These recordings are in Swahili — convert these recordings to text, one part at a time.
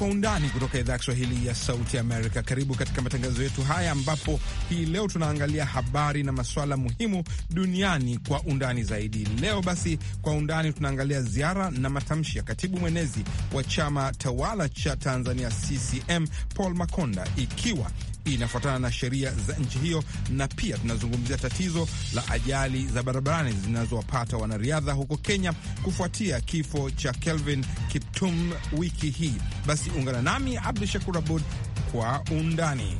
Kwa Undani kutoka idhaa ya Kiswahili ya Sauti Amerika. Karibu katika matangazo yetu haya, ambapo hii leo tunaangalia habari na masuala muhimu duniani kwa undani zaidi. Leo basi, kwa undani tunaangalia ziara na matamshi ya katibu mwenezi wa chama tawala cha Tanzania CCM Paul Makonda, ikiwa inafuatana na sheria za nchi hiyo, na pia tunazungumzia tatizo la ajali za barabarani zinazowapata wanariadha huko Kenya kufuatia kifo cha Kelvin Kiptum wiki hii. Basi ungana nami Abdu Shakur Abud kwa undani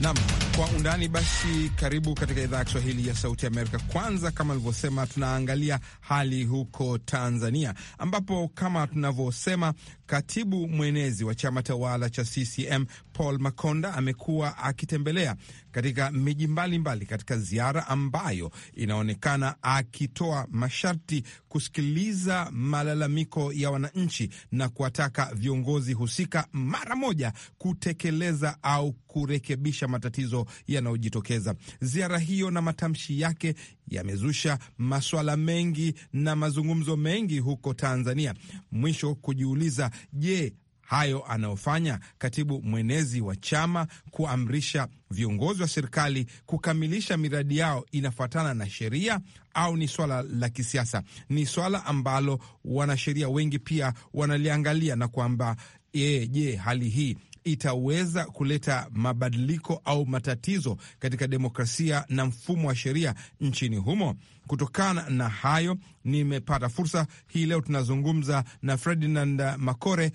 nam kwa undani basi, karibu katika idhaa ya Kiswahili ya Sauti ya Amerika. Kwanza, kama alivyosema, tunaangalia hali huko Tanzania, ambapo kama tunavyosema, katibu mwenezi wa chama tawala cha CCM Paul Makonda amekuwa akitembelea katika miji mbalimbali katika ziara ambayo inaonekana akitoa masharti kusikiliza malalamiko ya wananchi na kuwataka viongozi husika mara moja kutekeleza au kurekebisha matatizo yanayojitokeza. Ziara hiyo na matamshi yake yamezusha maswala mengi na mazungumzo mengi huko Tanzania, mwisho kujiuliza, je, hayo anayofanya katibu mwenezi wa chama kuamrisha viongozi wa serikali kukamilisha miradi yao inafuatana na sheria au ni swala la kisiasa? Ni swala ambalo wanasheria wengi pia wanaliangalia na kwamba eh, je, hali hii itaweza kuleta mabadiliko au matatizo katika demokrasia na mfumo wa sheria nchini humo. Kutokana na hayo, nimepata fursa hii leo tunazungumza na Ferdinand Makore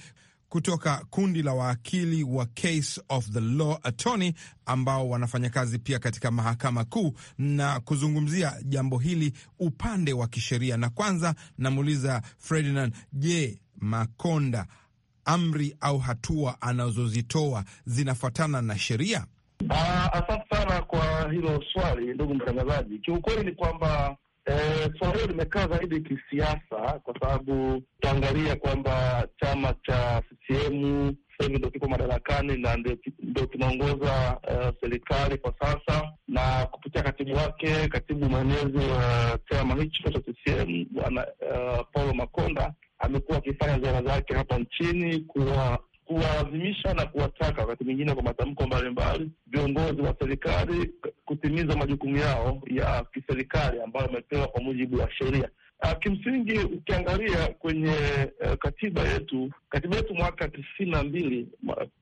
kutoka kundi la waakili wa Case of the Law Attorney ambao wanafanya kazi pia katika mahakama kuu na kuzungumzia jambo hili upande wa kisheria. Na kwanza namuuliza Ferdinand, je, Makonda amri au hatua anazozitoa zinafuatana na sheria? Ah, asante sana kwa hilo swali ndugu mtangazaji. Kiukweli ni kwamba Eh, swala hilo limekaa zaidi kisiasa, kwa sababu tutaangalia kwamba chama cha CCM sasa hivi ndo kiko madarakani na ndo kinaongoza uh, serikali kwa sasa, na kupitia katibu wake, katibu mwenezi wa uh, chama hicho cha CCM bwana uh, Paulo Makonda amekuwa akifanya ziara zake hapa nchini kuwa kuwalazimisha na kuwataka wakati mwingine kwa matamko mbalimbali viongozi wa serikali kutimiza majukumu yao ya kiserikali ambayo amepewa kwa mujibu wa sheria. Ah, kimsingi, ukiangalia kwenye uh, katiba yetu katiba yetu mwaka tisini na mbili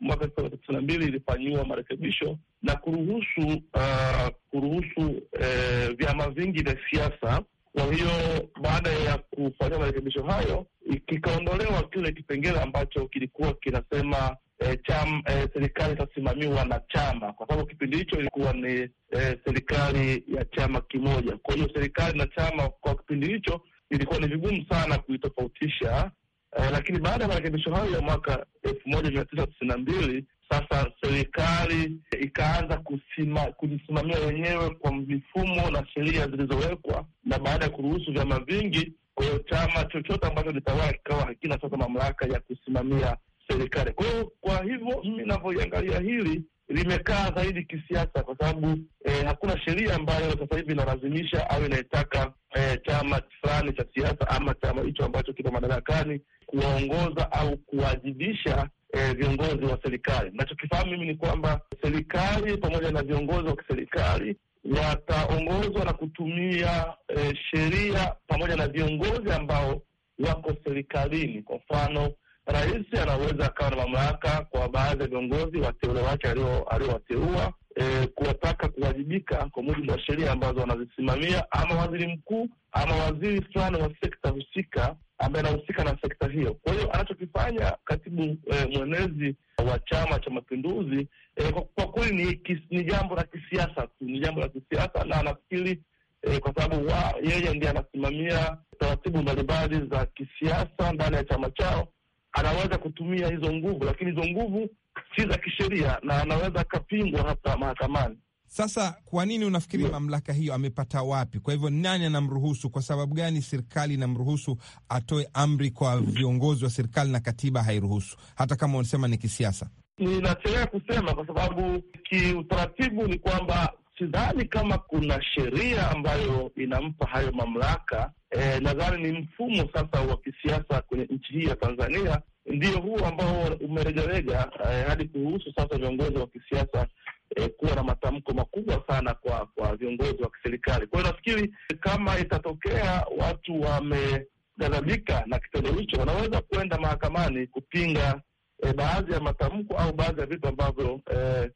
mwaka tisini na mbili ilifanyiwa marekebisho na kuruhusu uh, kuruhusu uh, vyama vingi vya siasa kwa hiyo baada ya kufanya marekebisho hayo, kikaondolewa kile kipengele ambacho kilikuwa kinasema E, cham, e, serikali itasimamiwa na chama, kwa sababu kipindi hicho ilikuwa ni e, serikali ya chama kimoja. Kwa hiyo serikali na chama kwa kipindi hicho ilikuwa ni vigumu sana kuitofautisha e, lakini baada ya marekebisho hayo ya mwaka elfu moja mia tisa tisini na mbili sasa serikali ikaanza kusima, kujisimamia wenyewe kwa mifumo na sheria zilizowekwa, na baada ya kuruhusu vyama vingi, kwa hiyo chama chochote ambacho litawaa kikawa hakina sasa mamlaka ya kusimamia serikali. Kwa hiyo kwa hivyo mimi inavyoiangalia hili limekaa zaidi kisiasa, kwa sababu eh, hakuna sheria ambayo sasa hivi inalazimisha au inaitaka eh, chama fulani cha siasa ama chama hicho ambacho kipo madarakani kuwaongoza au kuwajibisha eh, viongozi wa serikali. Nachokifahamu mimi ni kwamba serikali pamoja na viongozi wa kiserikali yataongozwa na kutumia eh, sheria pamoja na viongozi ambao wako serikalini. Kwa mfano, rais anaweza akawa na mamlaka kwa baadhi ya viongozi wateule wake aliowateua E, kuwataka kuwajibika kwa mujibu wa sheria ambazo wanazisimamia, ama waziri mkuu ama waziri fulani wa sekta husika ambaye anahusika na sekta hiyo. Kwa hiyo anachokifanya katibu eh, mwenezi wa Chama cha Mapinduzi eh, kwa kweli ni jambo la kisiasa tu, ni jambo la kisiasa na anafikiri eh, kwa sababu yeye ndiye anasimamia taratibu mbalimbali za kisiasa ndani ya chama chao, anaweza kutumia hizo nguvu, lakini hizo nguvu si za kisheria na anaweza akapingwa hata mahakamani. Sasa kwa nini unafikiri mamlaka hiyo amepata wapi? Kwa hivyo nani anamruhusu? Kwa sababu gani serikali inamruhusu atoe amri kwa viongozi wa serikali na katiba hairuhusu, hata kama unasema ni kisiasa? Ninachelea kusema kwa sababu kiutaratibu ni kwamba sidhani kama kuna sheria ambayo inampa hayo mamlaka. E, nadhani ni mfumo sasa wa kisiasa kwenye nchi hii ya Tanzania ndio huo ambao umeregarega, eh, hadi kuruhusu sasa viongozi wa kisiasa eh, kuwa na matamko makubwa sana kwa kwa viongozi wa kiserikali. Kwa hiyo nafikiri kama itatokea watu wamegadhabika na kitendo hicho, wanaweza kuenda mahakamani kupinga eh, baadhi ya matamko au baadhi ya vitu ambavyo e,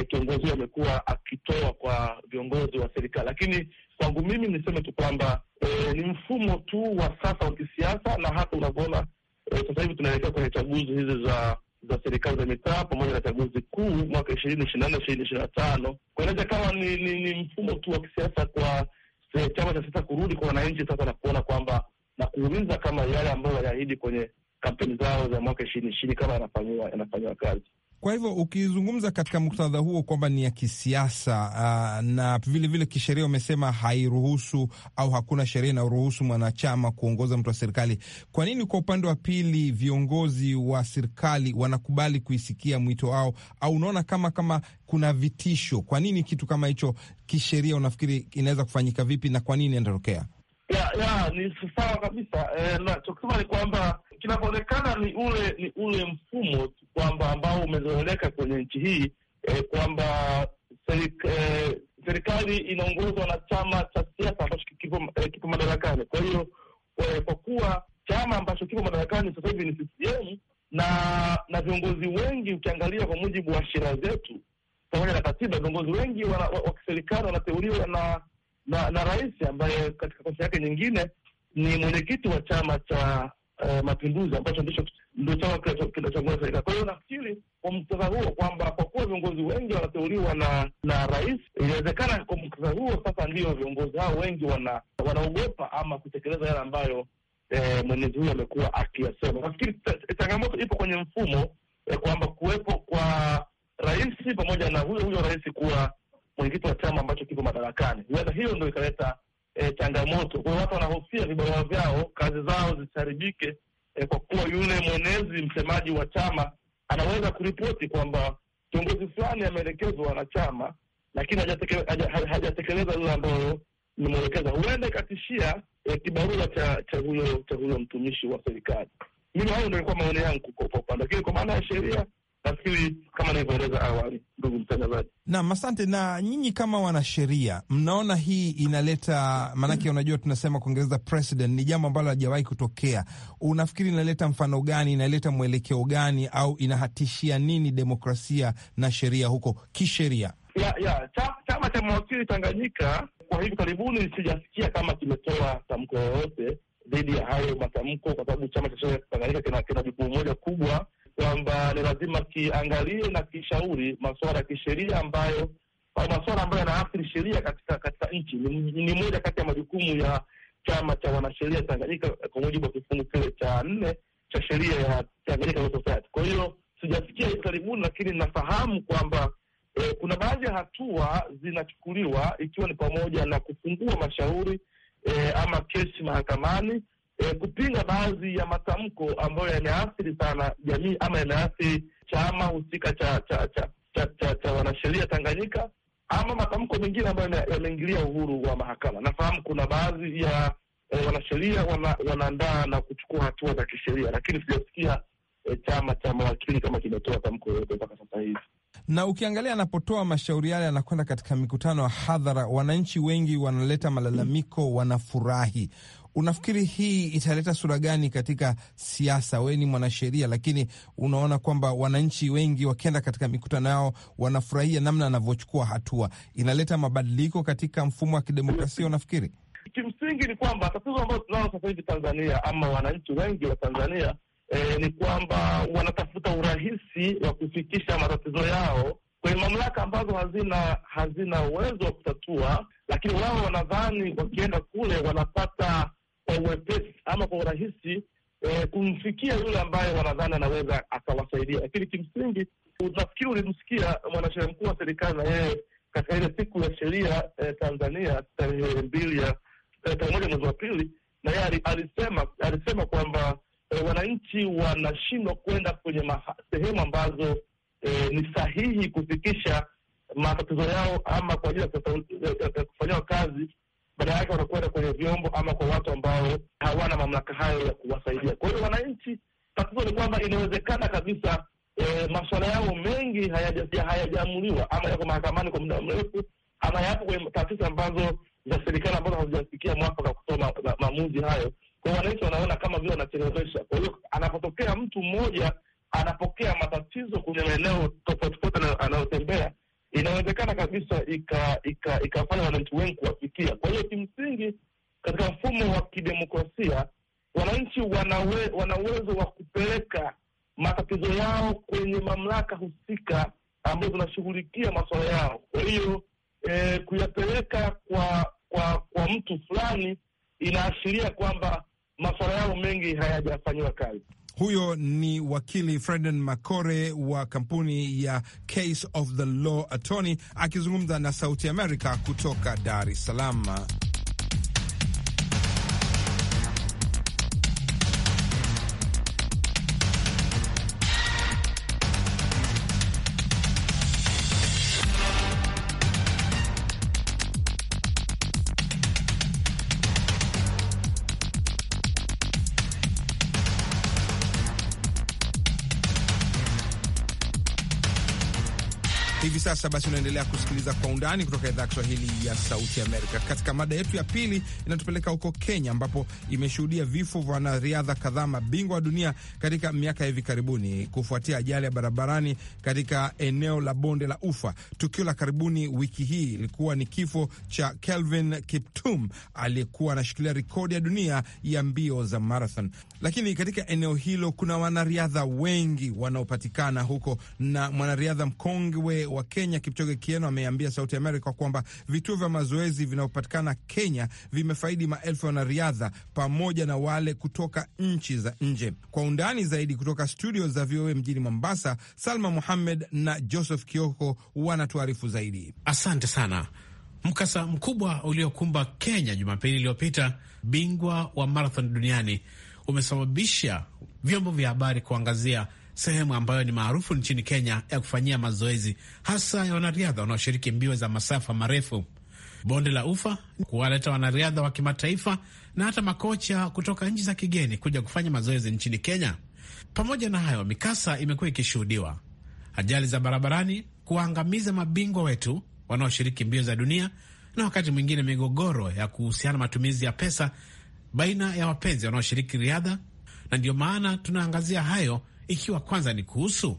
e, kiongozi amekuwa akitoa kwa viongozi wa serikali. Lakini kwangu mimi niseme tu kwamba e, ni mfumo tu wa sasa wa kisiasa, na hata unavyoona e, sasa hivi tunaelekea kwenye chaguzi hizi za za serikali za mitaa pamoja na chaguzi kuu mwaka ishirini ishirini na nne ishirini ishirini na tano kwa kama ni, ni, ni mfumo tu wa kisiasa kwa e, chama cha siasa kurudi kwa wananchi sasa na kuona kwamba na kuuliza kama yale ambayo waliahidi kwenye kampeni zao za mwaka ishirini ishirini kama yanafanyiwa yanafanyiwa kazi. Kwa hivyo ukizungumza katika muktadha huo kwamba ni ya kisiasa uh, na vilevile kisheria umesema hairuhusu au hakuna sheria inayoruhusu mwanachama kuongoza mtu wa serikali, kwa nini kwa upande wa pili viongozi wa serikali wanakubali kuisikia mwito wao, au unaona kama kama kuna vitisho? Kwa nini kitu kama hicho kisheria unafikiri inaweza kufanyika vipi na kwa nini inatokea? ya ni sawa kabisa eh, na chokisema ni kwamba kinavyoonekana ni ule ni ule mfumo kwamba ambao umezoeleka kwenye nchi hii eh, kwamba serik, eh, serikali inaongozwa na chama cha siasa ambacho kipo, eh, kipo madarakani. Kwa hiyo eh, kwa kuwa chama ambacho kipo madarakani sasa hivi ni CCM na na viongozi wengi, ukiangalia kwa mujibu wa sheria zetu pamoja na katiba, viongozi wengi wa kiserikali wanateuliwa na na, na rais ambaye katika kosa yake nyingine ni mwenyekiti wa chama cha uh, mapinduzi ambacho ndicho ndio chama kinachongoza serikali. Kwa hiyo nafikiri kwa muktadha huo kwamba kwa kuwa viongozi wengi wanateuliwa na na rais, inawezekana kwa muktadha huo sasa ndio viongozi hao wengi wana, wanaogopa ama kutekeleza yale ambayo eh, mwenyezi huyo amekuwa akiyasema. Nafikiri changamoto ipo kwenye mfumo eh, kwamba kuwepo kwa rais pamoja na huyo huyo rais kuwa mwenyekiti wa chama ambacho kipo madarakani. Huenda hiyo ndo ikaleta e, changamoto kwao. Watu wanahofia vibarua vyao, kazi zao zisiharibike, e, kwa kuwa yule mwenezi, msemaji wa chama anaweza kuripoti kwamba kiongozi fulani ameelekezwa na chama, lakini hajatekeleza lile ambayo nimwelekeza. Huenda ikatishia e, kibarua cha cha huyo cha huyo mtumishi wa serikali. Mimi hayo ndo ilikuwa maoni yangu kwa upande, lakini kwa maana ya sheria Nafikiri kama nilivyoeleza awali, ndugu mtangazaji. Naam, asante. Na nyinyi kama wanasheria, mnaona hii inaleta maanake, unajua tunasema kuongereza precedent ni jambo ambalo halijawahi kutokea. Unafikiri inaleta mfano gani, inaleta mwelekeo gani, au inahatishia nini demokrasia na sheria huko kisheria? ya ya chama cha mawakili Tanganyika kwa hivi karibuni sijasikia kama kimetoa tamko yoyote dhidi ya hayo matamko, kwa sababu chama cha sheria Tanganyika kina jukumu moja kubwa kwamba ni lazima kiangalie na kishauri masuala ya kisheria ambayo au masuala ambayo yanaathiri sheria katika katika nchi. Ni, ni moja kati ya majukumu ya chama cha wanasheria Tanganyika kwa mujibu wa kifungu kile cha nne cha sheria ya Tanganyika Law Society. Kwa hiyo sijafikia hivi karibuni, lakini nafahamu kwamba eh, kuna baadhi ya hatua zinachukuliwa ikiwa ni pamoja na kufungua mashauri eh, ama kesi mahakamani e, kupinga baadhi ya matamko ambayo yameathiri sana jamii ama yameathiri chama husika cha cha cha cha, cha, cha wanasheria Tanganyika ama matamko mengine ambayo yameingilia uhuru wa mahakama. Nafahamu kuna baadhi ya e, wanasheria wana, wanaandaa na kuchukua hatua za kisheria, lakini sijasikia e, chama cha mawakili kama kimetoa tamko yoyote mpaka sasa hivi na ukiangalia anapotoa mashauri yale, anakwenda katika mikutano ya hadhara, wananchi wengi wanaleta malalamiko, wanafurahi. Unafikiri hii italeta sura gani katika siasa? Wewe ni mwanasheria, lakini unaona kwamba wananchi wengi wakienda katika mikutano yao wanafurahia namna anavyochukua hatua, inaleta mabadiliko katika mfumo wa kidemokrasia, unafikiri? Kimsingi ni kwamba tatizo ambayo tunalo sasa hivi Tanzania ama wananchi wengi wa Tanzania e, ni kwamba wanatafuta urahisi wa kufikisha matatizo yao kwenye mamlaka ambazo hazina hazina uwezo wa kutatua, lakini wao wanadhani wakienda kule wanapata kwa uwepesi ama kwa urahisi e, kumfikia yule ambaye wanadhani anaweza akawasaidia. Lakini kimsingi, unafikiri ulimsikia mwanasheria mkuu wa serikali na yeye katika ile siku ya sheria e, Tanzania tarehe mbili ya eh, tarehe moja mwezi wa pili, na yeye alisema alisema kwamba e, wananchi wanashindwa kwenda kwenye sehemu ambazo e, ni sahihi kufikisha matatizo yao ama kwa ajili ya kufanyiwa kazi, baada yake wanakwenda kwenye vyombo ama kwa watu ambao hawana mamlaka hayo ya kuwasaidia. Kwa hiyo wananchi, tatizo ni kwamba inawezekana kabisa e, masuala yao mengi hayajaamuliwa haya ama yako mahakamani kwa muda mrefu ama yapo kwenye taasisi ambazo za serikali ambazo hazijafikia mwafaka kutoa ma, maamuzi hayo. Kwa wananchi wanaona kama vile wanachelewesha. Kwa hiyo anapotokea mtu mmoja anapokea matatizo kwenye maeneo tofauti tofauti anayotembea, inawezekana kabisa ikafanya ika, ika wananchi wengi kuwafikia. Kwa hiyo kimsingi katika mfumo wa kidemokrasia wananchi wana uwezo wa kupeleka matatizo yao kwenye mamlaka husika ambayo zinashughulikia masuala yao. Kwa hiyo e, kuyapeleka kwa kwa kwa mtu fulani inaashiria kwamba masuala yao mengi hayajafanyiwa kazi. Huyo ni wakili Freden macore wa kampuni ya Case of the Law Attorney akizungumza na Sauti America kutoka Dar es Salaam. sasa basi, unaendelea kusikiliza Kwa Undani kutoka idhaa ya Kiswahili ya Sauti Amerika. Katika mada yetu ya pili, inatupeleka huko Kenya ambapo imeshuhudia vifo vya wanariadha kadhaa mabingwa wa dunia katika miaka ya hivi karibuni kufuatia ajali ya barabarani katika eneo la bonde la Ufa. Tukio la karibuni wiki hii ilikuwa ni kifo cha Kelvin Kiptum aliyekuwa anashikilia rekodi ya dunia ya mbio za marathon, lakini katika eneo hilo kuna wanariadha wengi wanaopatikana huko na mwanariadha mkongwe wa Kenya Kenya Kipchoge Kieno ameambia Sauti Amerika kwamba vituo vya mazoezi vinavyopatikana Kenya vimefaidi maelfu ya wanariadha pamoja na wale kutoka nchi za nje. Kwa undani zaidi kutoka studio za VOA mjini Mombasa, Salma Muhammed na Joseph Kioko wanatuarifu zaidi. Asante sana. Mkasa mkubwa uliokumba Kenya Jumapili iliyopita, bingwa wa marathon duniani, umesababisha vyombo vya habari kuangazia sehemu ambayo ni maarufu nchini Kenya ya kufanyia mazoezi hasa ya wanariadha wanaoshiriki mbio za masafa marefu. Bonde la Ufa kuwaleta wanariadha wa kimataifa na hata makocha kutoka nchi za kigeni kuja kufanya mazoezi nchini Kenya. Pamoja na hayo, mikasa imekuwa ikishuhudiwa, ajali za barabarani kuwaangamiza mabingwa wetu wanaoshiriki mbio za dunia, na wakati mwingine migogoro ya kuhusiana matumizi ya pesa baina ya wapenzi wanaoshiriki riadha, na ndio maana tunaangazia hayo ikiwa kwanza ni kuhusu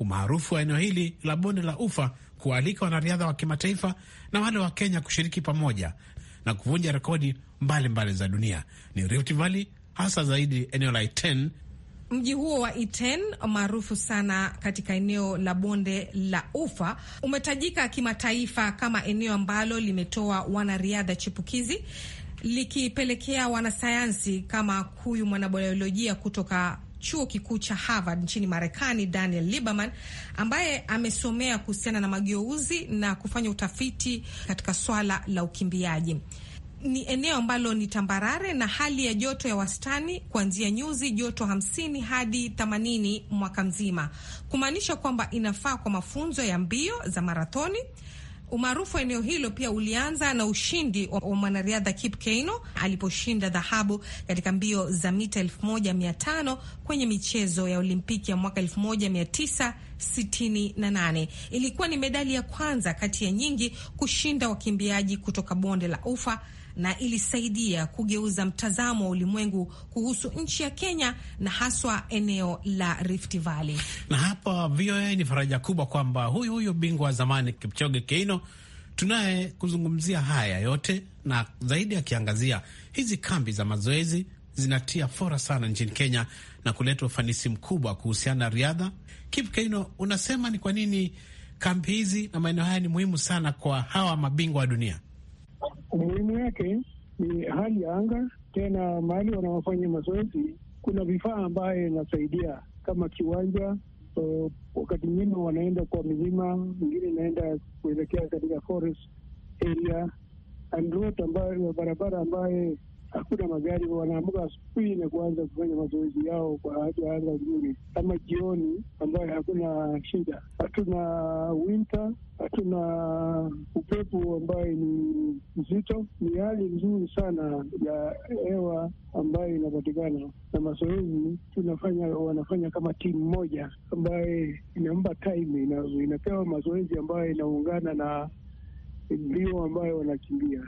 umaarufu wa eneo hili la bonde la ufa, kualika wanariadha wa kimataifa na wale wa Kenya kushiriki pamoja na kuvunja rekodi mbalimbali za dunia. Ni Rift Valley hasa zaidi eneo la Iten. Mji huo wa Iten maarufu sana katika eneo la bonde la ufa umetajika kimataifa kama eneo ambalo limetoa wanariadha chipukizi likipelekea wanasayansi kama huyu mwanabiolojia kutoka chuo kikuu cha Harvard nchini Marekani, Daniel Lieberman ambaye amesomea kuhusiana na mageuzi na kufanya utafiti katika swala la ukimbiaji. Ni eneo ambalo ni tambarare na hali ya joto ya wastani kuanzia nyuzi joto hamsini hadi themanini mwaka mzima, kumaanisha kwamba inafaa kwa mafunzo ya mbio za marathoni Umaarufu wa eneo hilo pia ulianza na ushindi wa mwanariadha Kip Keino aliposhinda dhahabu katika mbio za mita 1500 kwenye michezo ya Olimpiki ya mwaka 1968. Ilikuwa ni medali ya kwanza kati ya nyingi kushinda wakimbiaji kutoka bonde la ufa na ilisaidia kugeuza mtazamo wa ulimwengu kuhusu nchi ya Kenya na haswa eneo la Rift Valley. Na hapa VOA ni faraja kubwa kwamba huyu huyu bingwa wa zamani Kipchoge Keino tunaye kuzungumzia haya yote na zaidi, akiangazia hizi kambi za mazoezi zinatia fora sana nchini Kenya na kuleta ufanisi mkubwa kuhusiana na riadha. Kip Keino, unasema ni kwa nini kambi hizi na maeneo haya ni muhimu sana kwa hawa mabingwa wa dunia? Umuhimu yake ni hali ya anga, tena mahali wanaofanya mazoezi kuna vifaa ambayo inasaidia kama kiwanja. So, wakati mwingine wanaenda kwa milima, mwingine inaenda kuelekea katika forest area and road ambayo barabara ambaye hakuna magari, wanaamka asubuhi na kuanza kufanya mazoezi yao kwa hali ya anga nzuri, kama jioni ambayo hakuna shida. Hatuna winter, hatuna upepo ambayo ni mzito. Ni hali nzuri sana ya hewa ambayo inapatikana na mazoezi tunafanya, wanafanya kama timu moja ambaye inampa time, inapewa mazoezi ambayo inaungana na mbio ambayo wanakimbia.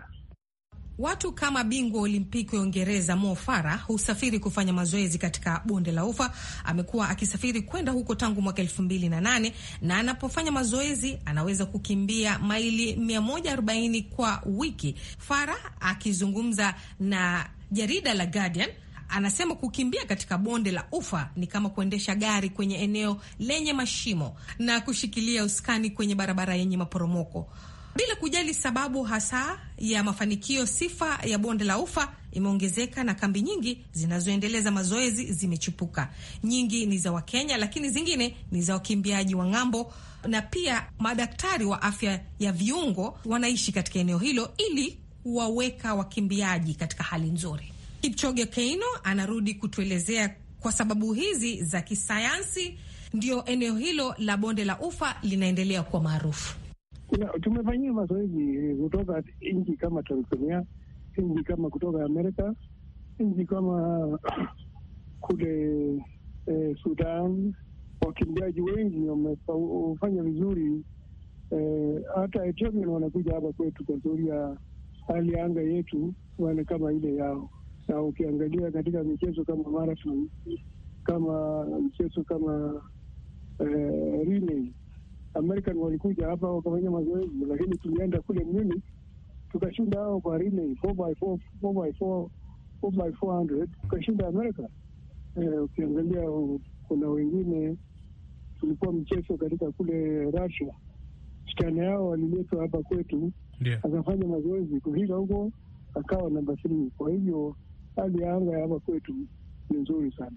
Watu kama bingwa wa Olimpiki wa Uingereza Mo Farah husafiri kufanya mazoezi katika bonde la Ufa. Amekuwa akisafiri kwenda huko tangu mwaka elfu mbili na nane na anapofanya mazoezi anaweza kukimbia maili 140 kwa wiki. Farah akizungumza na jarida la Guardian anasema kukimbia katika bonde la ufa ni kama kuendesha gari kwenye eneo lenye mashimo na kushikilia usukani kwenye barabara yenye maporomoko bila kujali sababu hasa ya mafanikio. Sifa ya bonde la ufa imeongezeka na kambi nyingi zinazoendeleza mazoezi zimechipuka. Nyingi ni za Wakenya, lakini zingine ni za wakimbiaji wa ng'ambo, na pia madaktari wa afya ya viungo wanaishi katika eneo hilo ili kuwaweka wakimbiaji katika hali nzuri. Kipchoge Keino anarudi kutuelezea kwa sababu hizi za kisayansi, ndio eneo hilo la bonde la ufa linaendelea kuwa maarufu tumefanyia mazoezi kutoka nchi kama Tanzania, nchi kama kutoka Amerika, nchi kama kule eh, Sudan. Wakimbiaji wengi wamefanya vizuri eh, hata Ethiopia wanakuja hapa kwetu kwa sababu ya hali ya anga yetu wana kama ile yao, na ukiangalia katika michezo kama marathon, kama mchezo kama eh, relay American walikuja hapa wakafanya mazoezi, lakini tulienda kule Munich tukashinda hao kwa relay 4 4 4 400 tukashinda Amerika. Eh, ukiangalia kuna wengine tulikuwa mchezo katika kule Russia, msichana yao waliletwa hapa kwetu yeah. Akafanya mazoezi kufika huko akawa namba 3. Kwa hivyo hali ya anga ya hapa kwetu ni nzuri sana.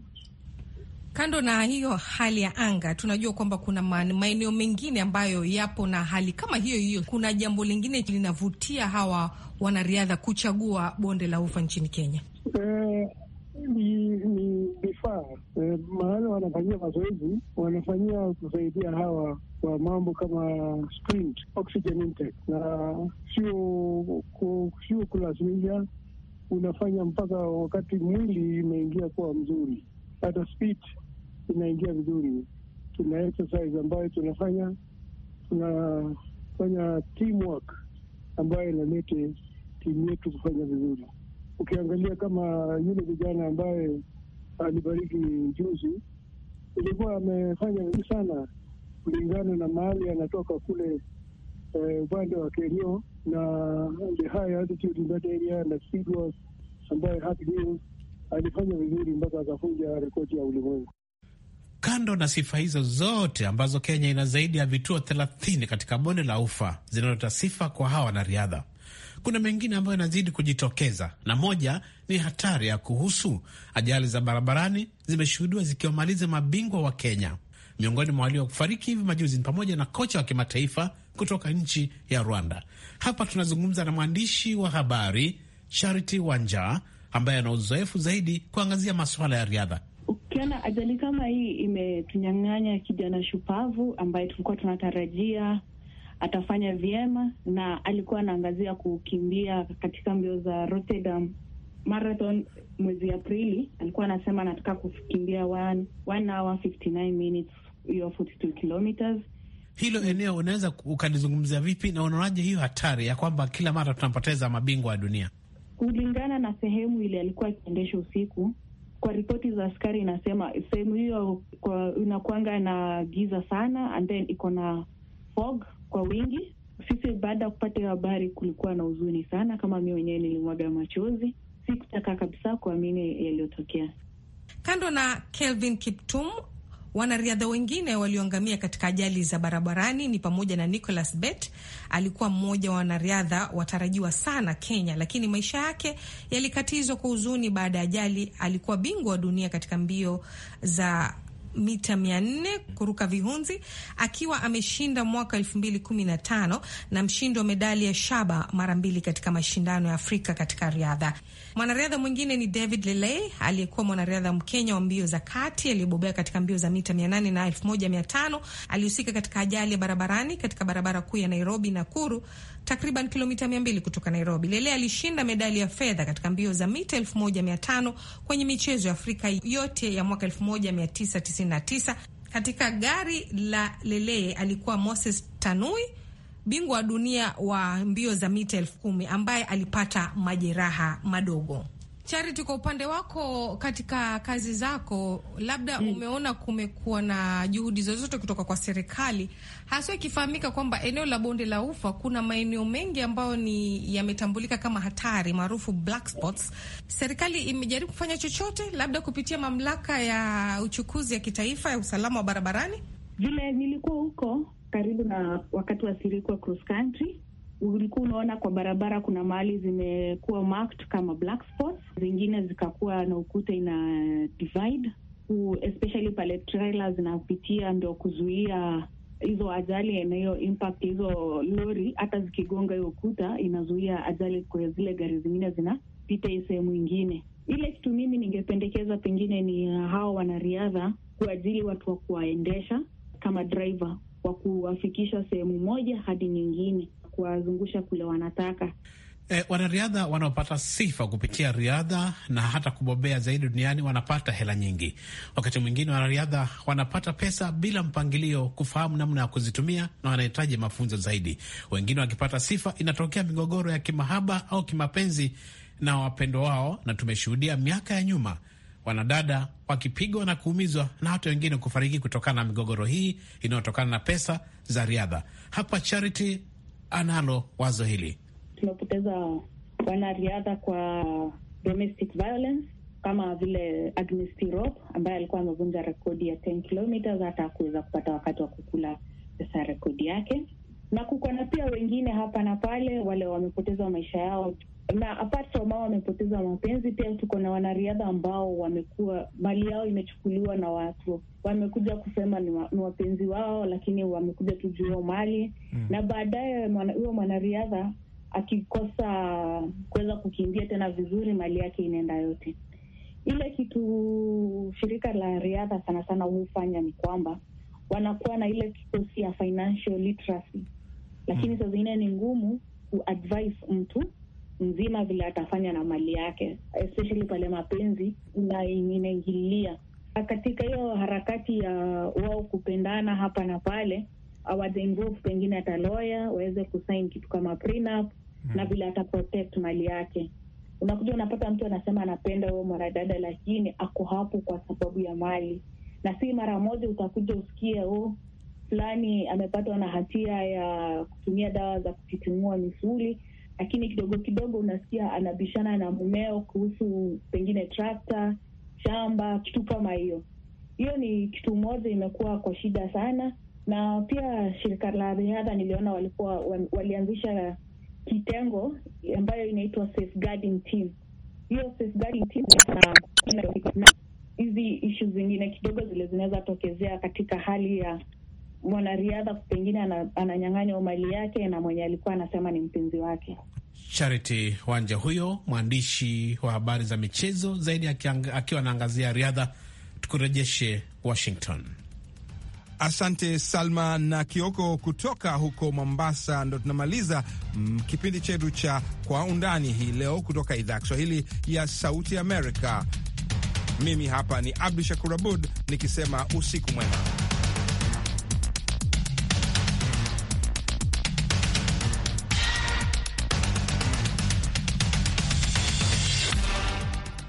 Kando na hiyo hali ya anga, tunajua kwamba kuna maeneo mengine ambayo yapo na hali kama hiyo hiyo. Kuna jambo lingine linavutia hawa wanariadha kuchagua bonde la ufa nchini Kenya, mm. Ni vifaa eh, mahali wanafanyia mazoezi, wanafanyia kusaidia hawa kwa mambo kama sprint, oxygen intake, na sio kulazimisha, unafanya mpaka wakati mwili imeingia kuwa mzuri, hata speed inaingia vizuri. Tuna exercise ambayo tunafanya, tunafanya teamwork ambayo inalete timu yetu kufanya vizuri. Ukiangalia kama yule vijana ambaye alibariki juzi, ilikuwa amefanya vizuri sana kulingana na mahali anatoka kule eh, upande eh, wa Kerio na the high altitude in that area na speed was ambaye alifanya vizuri mpaka akafunja rekodi ya ulimwengu. Kando na sifa hizo zote ambazo Kenya ina zaidi ya vituo 30 katika bonde la ufa zinaleta sifa kwa hawa wanariadha, kuna mengine ambayo yanazidi kujitokeza, na moja ni hatari ya kuhusu ajali za barabarani zimeshuhudiwa zikiwamaliza mabingwa wa Kenya. Miongoni mwa waliofariki hivi majuzi ni pamoja na kocha wa kimataifa kutoka nchi ya Rwanda. Hapa tunazungumza na mwandishi wa habari Charity Wanja ambaye ana uzoefu zaidi kuangazia masuala ya riadha. Ukiona ajali kama hii imetunyang'anya kijana shupavu ambaye tulikuwa tunatarajia atafanya vyema, na alikuwa anaangazia kukimbia katika mbio za Rotterdam Marathon mwezi Aprili. Alikuwa anasema anataka kukimbia one, one hour 59 minutes, hiyo 42 kilometers. Hilo eneo unaweza ukalizungumzia vipi, na unaonaje hiyo hatari ya kwamba kila mara tunapoteza mabingwa ya dunia? Kulingana na sehemu ile alikuwa akiendesha usiku kwa ripoti za askari inasema sehemu hiyo inakwanga na giza sana and then iko na fog kwa wingi. Sisi baada ya kupata hiyo habari, kulikuwa na huzuni sana, kama mi wenyewe nilimwaga machozi, sikutaka kabisa kuamini yaliyotokea. Kando na Kelvin Kiptum Wanariadha wengine walioangamia katika ajali za barabarani ni pamoja na Nicholas Bet, alikuwa mmoja wa wanariadha watarajiwa sana Kenya, lakini maisha yake yalikatizwa kwa huzuni baada ya ajali. Alikuwa bingwa wa dunia katika mbio za mita nne kuruka vihunzi akiwa ameshinda mwaka kumi na mshindi wa medali ya shaba mara mbili katika mashindano ya Afrika katika riadha. Mwanariadha mwingine ni David Lelay aliyekuwa mwanariadha Mkenya wa mbio za kati aliyebobea katika mbio za mita nane na tano Alihusika katika ajali ya barabarani katika barabara kuu ya Nairobi Nakuru takriban kilomita 200 kutoka Nairobi. Lele alishinda medali ya fedha katika mbio za mita 1500 kwenye michezo ya Afrika yote ya mwaka 1999. Katika gari la Lele alikuwa Moses Tanui, bingwa wa dunia wa mbio za mita elfu kumi ambaye alipata majeraha madogo. Charity, kwa upande wako katika kazi zako, labda mm, umeona kumekuwa na juhudi zozote kutoka kwa serikali, haswa ikifahamika kwamba eneo la bonde la ufa kuna maeneo mengi ambayo ni yametambulika kama hatari maarufu black spots. Serikali imejaribu kufanya chochote, labda kupitia mamlaka ya uchukuzi ya kitaifa ya usalama wa barabarani? Vile nilikuwa huko karibu na wakati wa sirikwa cross country ulikuwa unaona kwa barabara kuna mahali zimekuwa marked kama black spots, zingine zikakuwa na ukuta ina divide, especially pale trailer zinapitia, ndo kuzuia hizo ajali na hiyo impact hizo lori, hata zikigonga hiyo ukuta inazuia ajali kwa zile gari zingine zinapita hii sehemu ingine. Ile kitu mimi ningependekeza pengine ni uh, hawa wanariadha kuajili watu wa kuwaendesha kama driver wa kuwafikisha sehemu moja hadi nyingine, kuwazungusha kule wanataka. E, wanariadha wanaopata sifa kupitia riadha na hata kubobea zaidi duniani wanapata hela nyingi. Wakati mwingine wanariadha wanapata pesa bila mpangilio, kufahamu namna ya kuzitumia, na wanahitaji mafunzo zaidi. Wengine wakipata sifa, inatokea migogoro ya kimahaba au kimapenzi na wapendo wao, na tumeshuhudia miaka ya nyuma wanadada wakipigwa na kuumizwa na hata wengine kufariki kutokana na migogoro hii inayotokana na pesa za riadha. Hapa Charity analo wazo hili. Tumepoteza wanariadha kwa domestic violence kama vile Agnes Tirop ambaye alikuwa amevunja rekodi ya 10 kilometers, hata akuweza kupata wakati wa kukula pesa ya rekodi yake, na kuko na pia wengine hapa na pale, wale wamepoteza maisha yao na apart from hao wamepoteza mapenzi, pia tuko na wanariadha ambao wamekuwa mali yao imechukuliwa na watu, wamekuja kusema ni, wa, ni wapenzi wao, lakini wamekuja tu juu mali mm. na baadaye huyo mwanariadha akikosa kuweza kukimbia tena vizuri, mali yake inaenda yote. Ile kitu shirika la riadha sana sana hufanya ni kwamba wanakuwa na ile kikosi ya financial literacy, lakini mm. saa zingine ni ngumu kuadvise mtu mzima vile atafanya na mali yake, especially pale mapenzi na inaingilia katika hiyo harakati ya wao kupendana hapa na pale. Awainvolve pengine ataloya waweze kusain kitu kama prenup mm. na hmm. vile protect mali yake. Unakuja unapata mtu anasema anapenda huyo mwanadada, lakini ako hapo kwa sababu ya mali, na si mara moja utakuja usikie oh, fulani amepatwa na hatia ya kutumia dawa za kutitimua misuli lakini kidogo kidogo unasikia anabishana na mumeo kuhusu pengine trakta, shamba, kitu kama hiyo. Hiyo ni kitu moja imekuwa kwa shida sana, na pia shirika la riadha niliona walikuwa walianzisha kitengo ambayo inaitwa safeguarding team. Hiyo safeguarding team hizi ishu zingine kidogo zile zinaweza tokezea katika hali ya mwanariadha pengine ananyang'anywa mali yake na mwenye alikuwa anasema ni mpenzi wake. Charity Wanja huyo mwandishi wa habari za michezo zaidi akiwa anaangazia riadha. Tukurejeshe Washington. Asante Salma na Kioko kutoka huko Mombasa. Ndo tunamaliza mm, kipindi chetu cha Kwa Undani hii leo kutoka idhaa ya Kiswahili ya Sauti Amerika. Mimi hapa ni Abdu Shakur Abud nikisema usiku mwema.